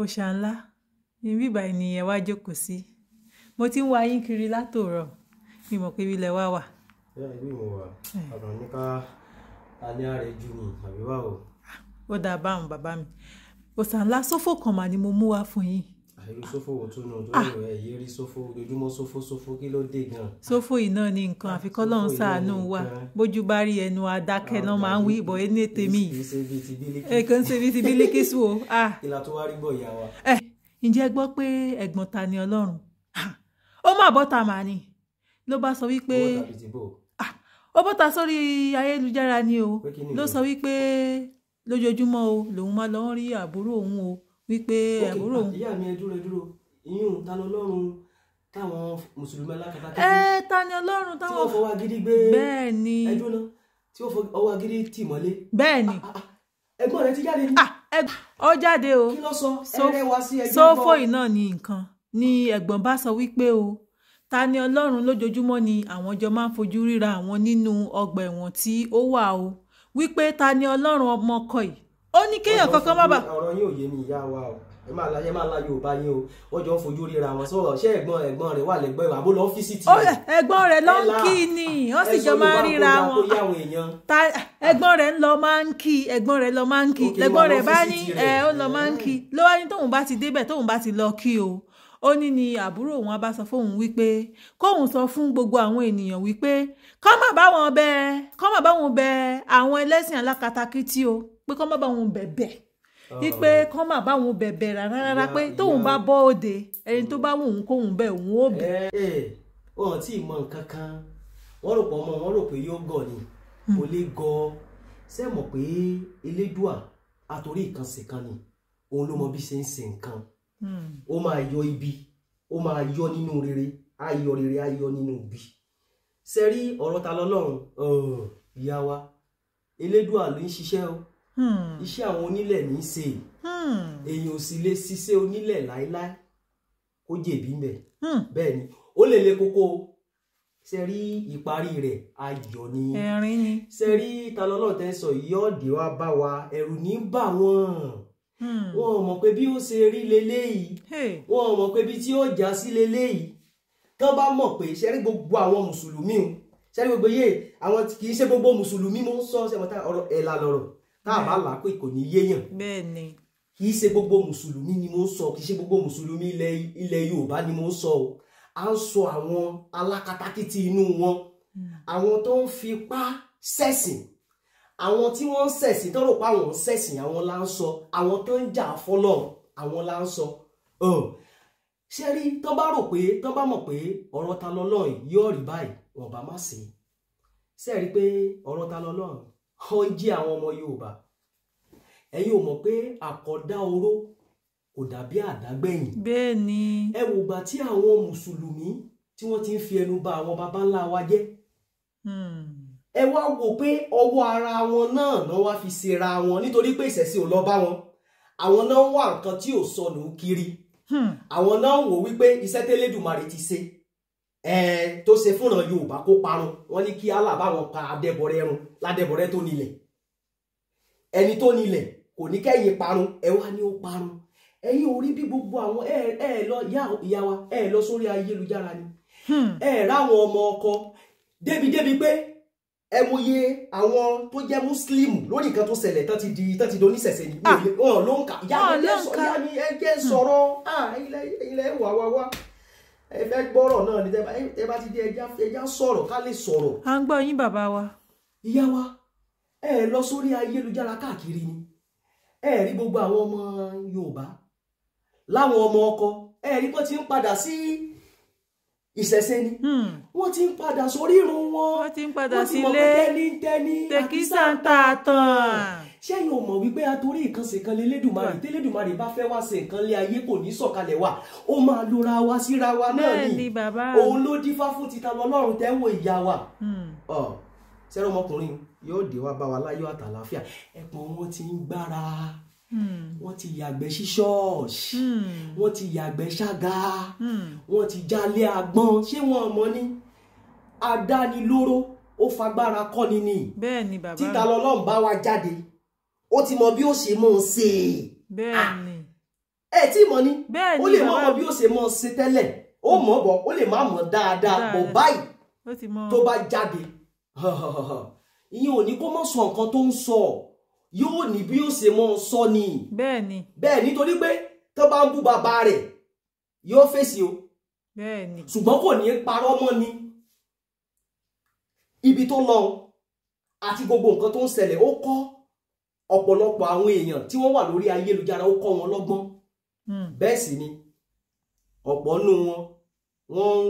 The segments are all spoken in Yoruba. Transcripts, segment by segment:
òòṣà ńlá níbí báyìí ni ẹ wá jókòó sí mo ti ń wá yín kiri látòrọ mi mọ̀ pé ilẹ̀ wa wà. bẹ́ẹ̀ ni mo wà ọ̀rọ̀ ní ká a ní àrèjù ni àbí báwo. Ah, ó dáa báwọn bàbá mi òòṣà ńlá sófò kan mà ni mo mú wá fún yín irú ṣòfò wò tún nù tó ah. rẹ̀ ẹ̀ yéé rí ṣòfò ojoojúmọ́ ṣòfò ṣòfò kí ló dé gan. ṣòfò iná ni nǹkan ah, àfikọ́ lọ́n ṣàánú wa bójú bá rí ẹnu adákẹ́ náà ah, máa ń wí ìbọn ẹni ètè mi èkó ń ṣe bíi ti bílíkísù o. ìlà tó wá rí bọ̀ ìyá wa. Eh, ǹjẹ́ gbọ́ pé ẹ̀gbọ́n ta ni ọlọ́run ó mà bọ́ta mà ni ló bá sọ wípé ó bọ́ta sórí ayélujára ni o ló sọ wípé lójoojúmọ́ o lòun máa lọ wípé àbúrò. ìyá mi ẹ dúró ẹ dúró ìyún ta ló lọ́rùn táwọn mùsùlùmí alákatakí. ẹ ta ni ọlọ́run táwọn. tí wọ́n fọwọ́ agídí gbé. bẹ́ẹ̀ ni. ẹ dúró náà tí wọ́n fọwọ́ agídí tì mọ́lé. bẹ́ẹ̀ ni. Ah, ah, ah. ẹ̀gbọ́n rẹ ti jáde ní. ó jáde o. kí ló sọ ẹrẹ wá sí ẹgbẹ́ ọgbọ́n. sófòyì náà ni nǹkan ni ẹ̀gbọ́n bá sọ wípé o ta ni ọlọ́run lójoojúmọ́ ni àwọn jọ máa ń fojú ríra àwọn nínú ọgbà ẹ̀wọ̀n tí ó wà o wípé ta ni ọlọ́run ọmọkọ ó ní kéèyàn kankan má bà. ọ̀rọ̀ yín ò yé mi ìyá wa o ẹ máa la ẹ máa la yorùbá yín o wọ́n jọ ń fojú ríra wọn sọ ṣé ẹ̀gbọ́n ẹ̀gbọ́n rẹ̀ wà lẹ́gbọ́n ìwà bó lọ ọ́fíìsì tì. ẹ̀gbọ́n rẹ̀ ló ń kí ni wọ́n sì jọ máa ń ríra wọn ẹ̀gbọ́n rẹ̀ ń lọ máa ń kí ẹ̀gbọ́n rẹ̀ lọ máa ń kí ẹ̀gbọ́n rẹ̀ bá ní ẹ ó lọ máa ń kí ló wá ní tóun bá ti débẹ̀ tóun bá ti lọ kí o ó ní ni àbúrò wọn bá sọ fóun wípé kóun sọ fún gbogbo àwọn ènìyàn wípé kọ́ má bá wọn bẹ kọ́ má bá wọn bẹ àwọn ẹlẹ́sìn alákatakítí o pé kọ́ má bá wọn bẹ̀bẹ̀ wípé ah. kọ́ má bá wọn bẹ̀bẹ̀ rárá rárá pé tóun bá bọ́ òde ẹni tó mm. bá wù ú kóun bẹ̀ òun ó bẹ̀. ẹ ẹ ò tí ì mọ nǹkan kan wọ́n rò pọ̀ mọ́ wọ́n rò pé yóò gọ̀ ni hmm. kò lè gọ ṣé mọ̀ pé elédùà àtòrí ìkànsìn kan ni òun ló mọ bí ṣe ń ṣe nǹkan hmm. ó máa yọ ibi ó máa yọ nínú rere á rere á nínú ibi ṣe rí ọ̀rọ̀ ta lọ́lọ́run ìyá wa elédùà ló ń ṣiṣẹ́ o Hmm. iṣẹ́ àwọn onílẹ̀ ní í ṣe hmm. èèyàn ò sì lè ṣiṣẹ́ onílẹ̀ láéláé kó jèbí ń bẹ̀ hmm. bẹ́ẹ̀ ni ó lè le koko ṣe rí ìparí rẹ̀ ayọ̀ ni ṣe rí talọ́lọ́ tẹ́ sọ yìí ọ̀dẹ̀ wa bá wa ẹ̀rù ní bà wọ́n wọn ò mọ̀ pé bí ó ṣe rí leléyìí wọn ò mọ̀ pé bí tí ó já sí leléyìí tó bá mọ̀ pé ṣe rí gbogbo àwọn mùsùlùmí o ṣe rí gbogbo yé àwọn kì í ṣe gbogbo mùsùlùmí mo ń sọ ṣe mọ̀ta ọ̀rọ̀ ẹ̀ la lọ̀rọ̀ tá a bá là á pé kò ní yéèyàn kì í ṣe gbogbo mùsùlùmí ni mo ń sọ kì í ṣe gbogbo mùsùlùmí ilẹ̀ Yorùbá ni mo ń sọ o à ń sọ àwọn alákatakítí inú wọn hmm. àwọn tó ń fipá ṣẹ̀sìn àwọn tí wọ́n ń ṣẹ̀sìn tó rò pé àwọn ń ṣẹ̀sìn àwọn là ń sọ àwọn tó ń jà fọlọ́ àwọn là ń sọ ṣe rí tó bá rò pé tó bá mọ̀ pé ọ̀rọ̀ ta lọ́lọ́run yóò rí báyìí wọ́n bá má sí ṣe rí pé ọ̀rọ̀ ta lọ́lọ́run ó ń jí àwọn ọmọ Yorùbá ẹ̀yin ò mọ̀ pé àkọ́dá oró kò dàbí àdágbẹ̀yìn bẹ́ẹ̀ ni ẹ wò gbà tí àwọn mùsùlùmí tí wọ́n ti ń fi ẹnu bà àwọn baba ńlá wa jẹ́ hmm. ẹ wá wò pé ọwọ́ ara wọn náà náà wá fi ṣera wọn nítorí pé ìṣẹ̀sìn ò lọ bá wọn àwọn náà ń wá nǹkan tí ò sọnù kiri hmm. àwọn náà ń wò wípé iṣẹ́ tẹ́lẹ̀dùmarè ti ṣe ẹ tó se fúnra Yorùbá kó parun wọn ní kí Allah báwọn pa adẹ́bọrẹ ẹrun ládẹ́bọrẹ tó nílẹ̀ ẹni tó nílẹ̀ kò ní kẹ́yìn parun ẹ wá ní ó parun ẹ̀yin ò rí bí gbogbo àwọn ẹ ẹ lọ ìyá wa ẹ lọ sórí ayélujára ni hmm. ẹ ráwọn ọmọ ọkọ débi-débi pé ẹ mòye àwọn tó jẹ́ muslim lórí nǹkan tó ṣẹlẹ̀ tán ti di tán ti di oníṣẹ̀ṣẹ̀ ni ah. wọn ló ń kà yá ni ẹ jẹ́ sọ̀rọ̀ ah, ilẹ̀ wà wá wá ẹ fẹ́ gbọ́rọ̀ náà ni tẹ́ bá ti dé ẹja sọ̀rọ̀ ká lè sọ̀rọ̀. à ń gbọ́ yín bàbá wa. ìyá wa ẹ lọ sórí ayélujára káàkiri ni ẹ rí gbogbo àwọn ọmọ Yorùbá láwọn ọmọ ọkọ ẹ rí wọ́n ti ń padà sí ìṣẹ̀ṣe ni hmm. wọ́n ti ń padà sórí irun wọn wọ́n ti ń padà sílé tẹkísà ń ṣẹ́yìn ò mọ̀ wípé atorí ìkànsè kan lé lẹ́dùnmarè hmm. tẹ́lẹ́dùnmarè bá fẹ́ wá ṣe nǹkan lé ayé kò ní sọ̀kalẹ̀ wa ó máa lora wa síra wa náà ni òun ló dífá fún títa lọ́lọ́run tẹ́ wo ìyá wa sẹ́rọ̀ hmm. ọmọkùnrin yóò dé wá bá wa láyọ̀ àtàlàáfíà ẹ̀pọ̀n wọn ti ń gbára hmm. wọ́n ti yàgbẹ́ sí ṣọ́ọ̀ṣì wọ́n ti yàgbẹ́ ṣága wọ́n ti jalè àgbọn ṣé wọn mọ̀ ni adánilóró ó fagbára kọ́ni ni títa lọ́lọ́run bá wa jáde ó ti mọ bí ó ṣe ah. mọ ṣe ẹ tí mọ ni ó lè mọ bí ó ṣe mọ ṣe tẹ́lẹ̀ ó mọ bọ ó lè má mọ dáadáa bọ báyìí tó bá jáde ìyẹn ò ní kó mọ sọ nǹkan tó ń sọ yóò ní bí ó ṣe mọ sọ ni bẹ́ẹ̀ nítorí pé tó bá ń bú bàbá rẹ̀ yóò fèsì o ṣùgbọ́n kò ní parọ́ mọ́ ni ibi tó lọ àti gbogbo nǹkan tó ń ṣẹlẹ̀ ó kọ́ ọ̀pọ̀lọpọ̀ àwọn èèyàn tí wọ́n wà lórí ayélujára ó kọ́ wọn lọ́gbọ́n hmm. bẹ́ẹ̀ sì ni ọ̀pọ̀ nù wọn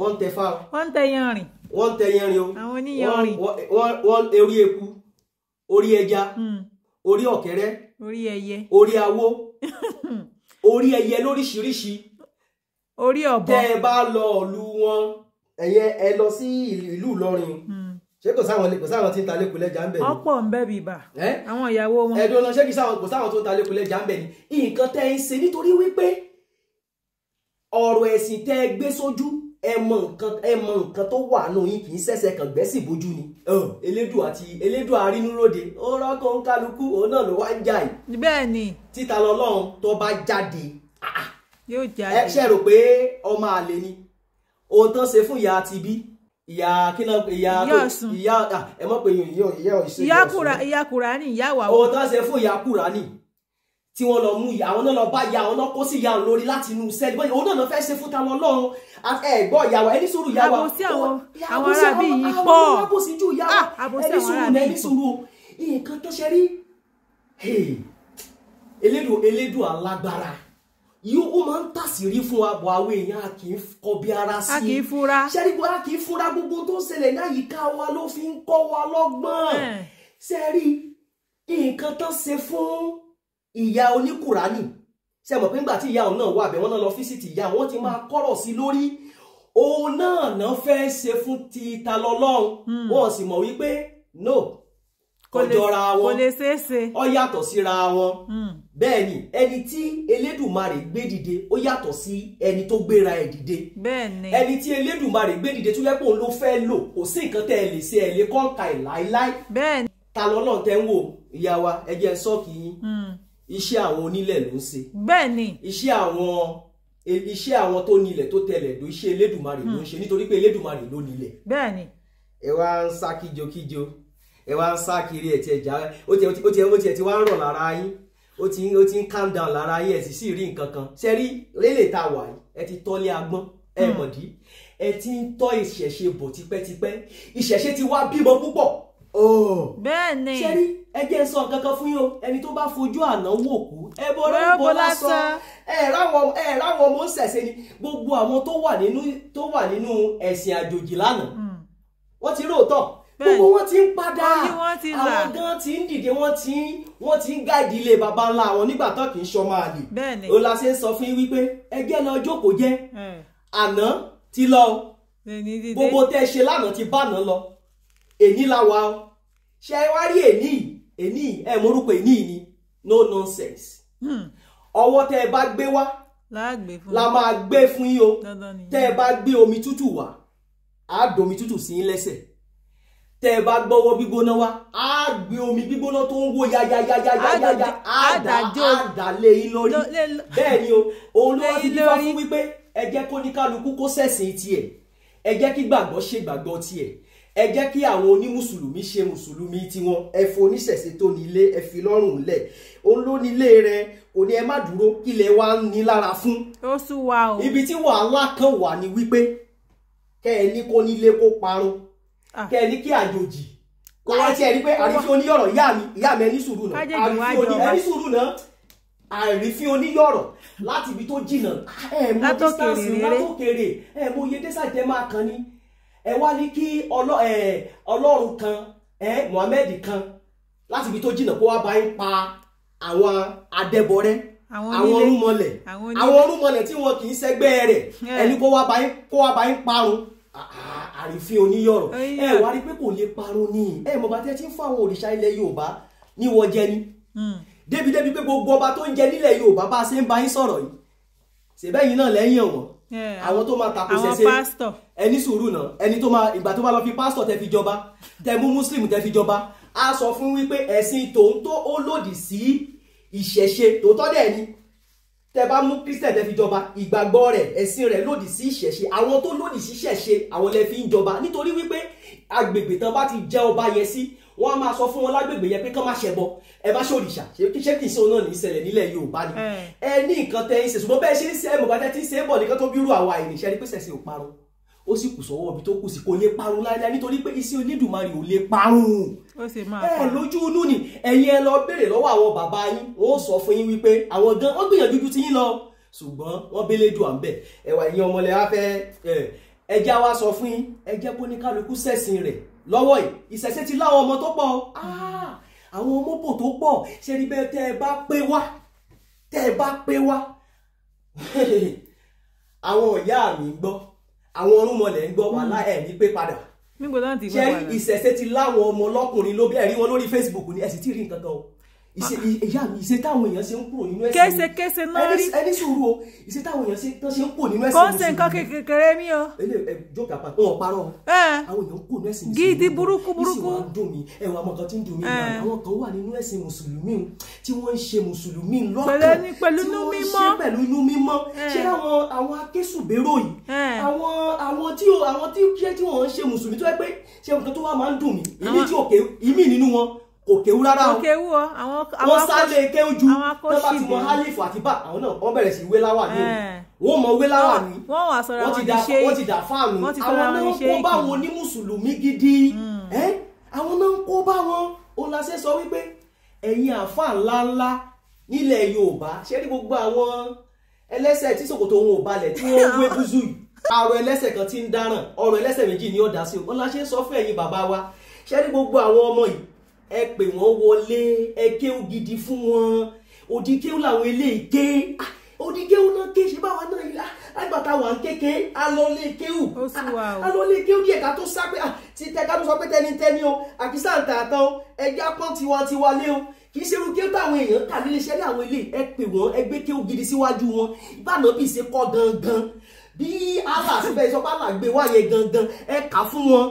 wọ́n ń tẹ fáwọn. wọ́n ń tẹ yanrìn. wọ́n ń tẹ yanrìn o. àwọn oníyanrìn. wọ́n orí eku orí ẹja hmm. orí ọ̀kẹ́rẹ́ orí ẹyẹ orí awó orí ẹyẹ lóríṣiríṣi. orí ọ̀bọ. tẹ́ ẹ bá lọ ìlú wọn ẹ̀yẹ ẹ lọ sí ìlú Ìlọrin. Mm ṣé kò sáwọn kò sáwọn tí ń ta lẹ́kùn lẹ́jà ń bẹ̀ ni. ọ̀pọ̀ ń bẹ bíbà àwọn ìyàwó wọn. ẹ̀dùn ọ̀nà ṣé kì sáwọn kò sáwọn tó ń ta lẹ́kùn lẹ́jà ń bẹ̀ ni nǹkan tẹ́ ń ṣe nítorí wípé ọ̀rọ̀ ẹ̀sìn tẹ́ ẹ gbé sójú ẹ mọ nǹkan ẹ mọ nǹkan tó wà nù yín kì í ṣẹ̀ṣẹ̀ kàn gbẹ́sì bójú ni. elédùn àti elédùn arínúróde ó rọ́kọ̀ ń kálukú òun náà ló wá ń jà yìí. bẹ́ẹ̀ ni ìyá kí náà ìyá ìyá ẹ mọ̀ pé ìyá ìyá ìṣe ìyá kura ìyá kura ni ìyá wà. ohun tó ń ṣe fún ìyá kura ni tí wọ́n lọ mú ìyá àwọn náà lọ bá ìyá àwọn náà kó sí ìyá lórí láti inú sẹ́ẹ̀lì bọ́yìí òun náà lọ fẹ́ ṣe fún táwọn ọlọ́run ẹ̀gbọ́ ìyá wa ẹni sùúrù ìyá wa àbòsí àwọn àwọn ará bí yìí pọ̀ àbòsí ju ìyá wa ah, ẹni sùúrù ẹni sùúrù nǹkan tó ṣe rí elédùn elédùn alágbára yìí ó máa ń tàṣírí fún wa bọ̀ àwọn èèyàn a kì í kọbi ara sí i a kì í fura ṣẹ́rígbó a kì í fura gbogbo tó ń ṣẹlẹ̀ ní àyíká wa ló fi ń kọ́ wa lọ́gbọ́n ṣẹ́rí nǹkan tán ṣe fún ìyá oníkùránì ṣe mọ̀ pé ńgbà tí ìyá òun náà wà bẹ́ẹ̀ wọ́n náà lọ fíṣítì ìyá wọn ti máa kọ́rọ̀ sí lórí òun náà náà fẹ́ ṣe fún ti ta lọ́lọ́run hmm. wọn sì mọ̀ wípé no kọjọra wọn ó yàtọ̀ síra wọn hmm. bẹ́ẹ̀ ni ẹni tí elédùnmarè gbé dìde ó yàtọ̀ sí ẹni tó gbéra ẹ̀ dìde ẹni tí elédùnmarè gbé dìde tó yẹ pé òun ló fẹ́ lò kò sí nǹkan tẹ́ ẹ lè ṣe ẹ̀ lè kọ́ńkà ẹ̀ láéláé ta lọ́nà tẹ́ ń wò ìyá wa ẹ jẹ́ sọ́ọ̀kì yín hmm. iṣẹ́ àwọn onílẹ̀ ló ń ṣe iṣẹ́ àwọn e, iṣẹ́ àwọn tó nílẹ̀ tó tẹlẹ̀ ló iṣẹ́ elédùnmarè ló ń hmm. ṣe nítorí pé elédùnmarè ló nílẹ̀ ẹ wá ń sá kíjokíjo ẹ wá ń sá kiri ẹ̀ ti ẹ̀ já ó ti ẹ̀ ti wá ń rọ̀ lára yín ó ti ó ti ń calm down lára yín ẹ̀ sì sì rí nǹkan kan ṣe rí lélẹ̀ tá wà yìí ẹ ti tọ́lé agbọ́n ẹ hmm. mọ̀dí ẹ ti ń tọ́ ìṣẹ̀ṣe bọ̀ tipẹ́tipẹ́ ìṣẹ̀ṣe ti wá bímọ púpọ̀ bẹ́ẹ̀ni ṣe rí ẹ jẹ́ sọ nǹkan kan fún yín o ẹni tó bá fojú àná wò kú ẹ bọ́rẹ́ ń bọ́ lásán ẹ ráwọn ẹ ráwọn ọmọ ṣẹ̀ṣẹ̀ ni gbogbo àwọn tó wà nínú tó wà nínú ẹ̀sìn àjòjì lánàá hmm. wọ́n ti róòtọ́ gbogbo wọn ti ń padà àwọn gan ti ń dìde wọn ti ń wọn ti ń gáàdì ilé baba ńlá wọn nígbà tán kì í ṣọmọ àlè o la ṣe ń sọ fún yín wípé ẹgbẹ́ lọ jókòó jẹ́ àná ti lọ gbogbo tẹ́ ẹ ṣe lánàá ti bá lọ èní la wà ó ṣe é wá rí èní èní ẹ morúkọ èní ni no nonsense hmm. ọwọ́ tẹ́ ẹ bá gbé wá la máa gbé fún yín o tẹ́ ẹ bá gbé omi tútù wá á domi tútù sí yín tẹ́ ẹ bá gbọ́wọ́ gbígbóná wá á gbé omi gbígbóná tó ń wó yáyáyáyáyá á dà lé yín lórí bẹ́ẹ̀ ni o òun ló wá fi dífá fún wípé ẹ jẹ́ kó ní kálukú kó ṣẹ̀sìn tiẹ̀ ẹ jẹ́ kí gbàgbọ́ ṣe gbàgbọ́ tiẹ̀ ẹ jẹ́ kí àwọn onímùsùlùmí ṣe mùsùlùmí tiwọn ẹ fi oníṣẹ̀ṣe tó nílé ẹ fi lọ́rùn lẹ̀ òun ló nílé rẹ kò ní ẹ má dúró kí ilẹ̀ wa ń ní lára fún. ibi tí wàhálà kan wà ní wípé kẹ́ ẹ ní kó nílé kó parun Ah. kẹ́ ẹ ní kí àjòjì kó wá sí ah. ẹ rí pé àrífín oníyọ̀rọ̀ ìyá mi ìyá mi ẹ ní sùúrù náà àrífín ẹ ní sùúrù náà àrífín oníyọ̀rọ̀ láti ibi tó jìnnà ẹ mọ distance látòkèrè ẹ mọ iye dẹ́sàjẹ́ máa kan ní ẹ wá ní kí ọlọ́run kan ẹ Muhammed kan láti ibi tó jìnnà kó wá bá yín pa àwọn adẹ́bọrẹ́ àwọn orúnmọlẹ̀ àwọn orúnmọlẹ̀ tí wọn kì í ṣẹgbẹ́ rẹ̀ ẹni kó wá bá yín parun àrífín oníyọ̀rọ̀ ẹ wá rí pé kò lè parun ni ẹ mọ̀ bá tẹ́ ti ń fún àwọn òrìṣà ilẹ̀ Yorùbá ní wọ́n jẹ ni hmm. débi débi pé gbogbo ọba tó ń jẹ nílẹ̀ Yorùbá bá a ṣe ń bá yín sọ̀rọ̀ yìí ṣèbẹ́yìn náà lẹ́yìn ọ̀wọ̀n àwọn tó máa tako ṣẹṣẹ ẹni sùúrù náà ẹni tó máa ìgbà tó máa lọ fi pásítọ̀ tẹ́ fi jọba tẹ́ mú muslim tẹ́ fi jọba a sọ fún wípé ẹ̀sìn tòun tó ó lòdì sí ìṣẹ̀ṣe tòótọ́ dẹ̀ ni tẹ bá mú christian tẹ fi jọba ìgbàgbọ́ rẹ̀ ẹ̀sìn rẹ̀ lòdì sí ìṣẹ̀ṣe àwọn tó lòdì sí ìṣẹ̀ṣe àwọn lẹ fi ń jọba nítorí wípé agbègbè tán bá ti jẹ́ ọba yẹn sí wọ́n á máa sọ fún wọn lágbègbè yẹn pé kán má ṣẹbọ ẹ má ṣòrìṣà ṣé kì í ṣe òun náà ní ìṣẹ̀lẹ̀ nílẹ̀ yorùbá ni hmm. ẹ ní nǹkan tẹ ń ṣe ṣùgbọ́n bẹ́ẹ̀ ṣe ń ṣe ẹ mọ̀ bá tẹ ti ń ṣe é bọ̀ nìkan tó bí irú àwa ìrìnsẹ́ ni pé ó sì kù sọ́wọ́ ibi tó kù sí kò lè parun láéláé nítorí pé iṣẹ́ onídùmarè ò lè parun ẹ lójú inú ni ẹ̀yin ẹ lọ béèrè lọ́wọ́ àwọn bàbá yín wọ́n sọ fún yín wípé àwọn gan wọ́n gbìyànjú ju ti yín lọ ṣùgbọ́n wọ́n bẹ́lẹ̀ dùn à ń bẹ̀ ẹ̀wà ìyẹn ọmọlẹ̀ wá fẹ́ ẹjẹ́ wa sọ fún yín ẹjẹ́ kó ní kálukú sẹ̀sìn rẹ̀ lọ́wọ́ yìí ìṣẹ̀ṣẹ̀ ti láwọn ọmọ tó pọ̀ ah, àwọn ọmọbò tó pọ̀ ṣe ni bẹ́ẹ̀ tẹ́ ẹ bá pé wá tẹ́ ẹ bá pé wá àwọn ìyá mi gbọ́ àwọn ọrùnmọlẹ̀ ń gbọ́ wàhálà hmm. ẹ̀ ní pé padà ṣé ìṣẹ̀ṣẹ̀ ti láwọn ọmọ ọlọ́kùnrin ló bí ẹ̀rí wọn lórí Facebook ni ẹ̀ sì ti rí nǹkan kan o ìṣe ìyá mi ìṣe táwọn èèyàn ṣe ń pò nínú ẹ̀sìn késekése náà rí ẹni sùúrù o ìṣe táwọn èèyàn ṣe ń pò nínú ẹ̀sìn mùsùlùmí kò ń ṣe nǹkan kékeré mi o. ilé ẹ jókè àpá wọn parọ́ àwọn èèyàn ń nínú ẹ̀sìn mùsùlùmí gidi burúkú burúkú ìṣe ń dùn mí ẹwà àwọn kan ti ń dùn mí àwọn kan wà nínú ẹ̀sìn mùsùlùmí tí wọ́n ń ṣe mùsùlùmí lọ́kàn tí wọ́n ń ṣe pẹ̀lú kò kéwú rárá o wọ́n sáré kéwú ju tọ́ba tí wọ́n hálífù àti bá àwọn náà wọ́n bẹ̀rẹ̀ sí wé láwà ní o wọ́n mọ wé láwà ní wọ́n ti dà fáànù hmm. àwọn náà ń kó bá wọn ní mùsùlùmí gidi àwọn náà ń kó bá wọn olàṣẹ sọ wípé ẹ̀yin àfa ńláńlá nílẹ̀ Yorùbá ṣé rí gbogbo àwọn ẹlẹ́sẹ̀ tí ṣòkòtò wọn ò balẹ̀ tí wọ́n wé búzú yìí àrò ẹlẹ́sẹ̀ kan ti ń dáràn ọ̀rọ̀ ẹlẹ́sẹ̀ méjì ni ó dá sí o ọlá ṣe ń sọ fún ẹ̀yin bàbá wa ṣé rí gbogbo àwọn ọmọ yìí ẹ pè wọ́n wọlé ẹ kéwú gidi fún wọn òdì kéwú làwọn eléyìí ké òdì ah, kéwú náà ké ṣe báwa náà yìí àgbàtà ah, wà ń kéke alọ́lé kéwú alọ́lé ah, kéwú díẹ̀ ká tó sá pé ti tẹ ká tó sọ pé tẹnitẹni o àkísà ń tààtà o ẹjẹ́ apọ́n tiwantiwa lé o kì í ṣe irú kéwú táwọn èèyàn kà nílé iṣẹ́ ní àwọn eléyìí ẹ pè wọ́n ẹ gbé kéwú gidi síwájú wọn ìbànú bíi ṣe kọ́ gangan bí Allah síbẹ̀ ìsọpá làgbé wáyé gangan ẹ kà fún wọn.